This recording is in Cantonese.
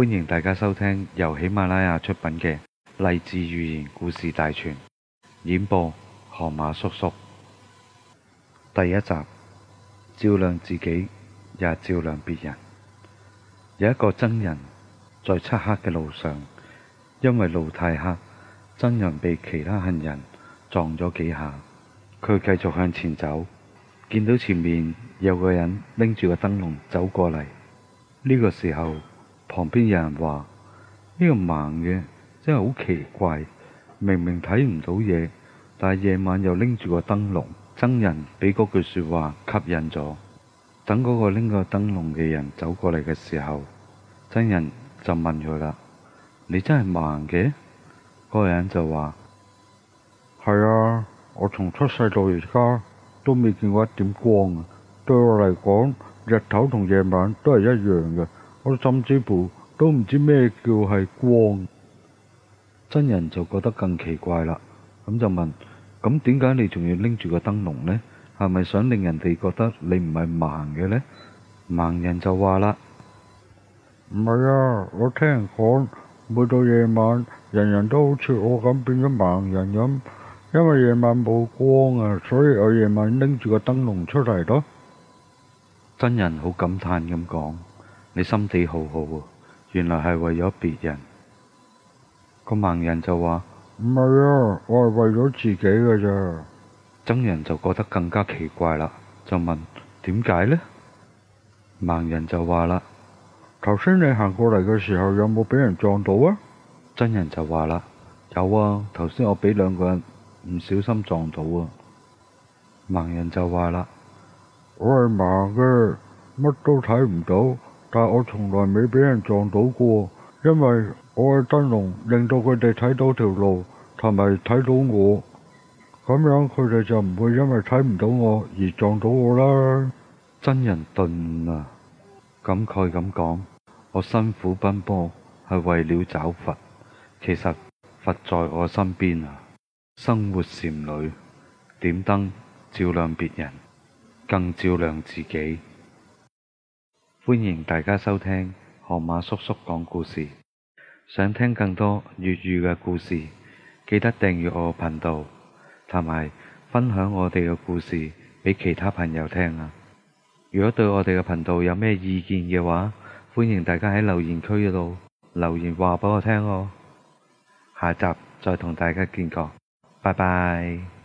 歡迎大家收聽由喜馬拉雅出品嘅《勵志寓言故事大全》，演播河馬叔叔。第一集：照亮自己，也照亮別人。有一個僧人，在漆黑嘅路上，因為路太黑，僧人被其他行人撞咗幾下，佢繼續向前走，見到前面有個人拎住個燈籠走過嚟，呢個時候。旁邊有人話，呢個盲嘅真係好奇怪，明明睇唔到嘢，但係夜晚又拎住個燈籠。真人俾嗰句說話吸引咗，等嗰個拎個燈籠嘅人走過嚟嘅時候，真人就問佢啦：你真係盲嘅？嗰個人就話：係啊，我從出世到而家都未見過一點光啊！對我嚟講，日頭同夜晚都係一樣嘅。甚至乎都唔知咩叫係光，真人就覺得更奇怪啦，咁就問：咁點解你仲要拎住個燈籠呢？係咪想令人哋覺得你唔係盲嘅呢？」盲人就話啦：唔係啊，我聽人講，每到夜晚，人人都好似我咁變咗盲人咁，因為夜晚冇光啊，所以我夜晚拎住個燈籠出嚟咯。真人好感嘆咁講。你心地好好喎，原來係為咗別人。個盲人就話唔係啊，我係為咗自己嘅啫。真人就覺得更加奇怪啦，就問，點解呢？盲人就話啦，頭先你行過嚟嘅時候，有冇俾人撞到啊？真人就話啦，有啊，頭先我俾兩個人唔小心撞到啊。盲人就話啦，我係盲嘅，乜都睇唔到。但我從來未俾人撞到過，因為我嘅燈籠令到佢哋睇到條路，同埋睇到我，咁樣佢哋就唔會因為睇唔到我而撞到我啦。真人頓啊，感慨咁講，我辛苦奔波係為了找佛，其實佛在我身邊啊！生活禪女，點燈照亮別人，更照亮自己。歡迎大家收聽河馬叔叔講故事。想聽更多粵語嘅故事，記得訂閱我嘅頻道，同埋分享我哋嘅故事俾其他朋友聽啊！如果對我哋嘅頻道有咩意見嘅話，歡迎大家喺留言區度留言話俾我聽哦。下集再同大家見過，拜拜。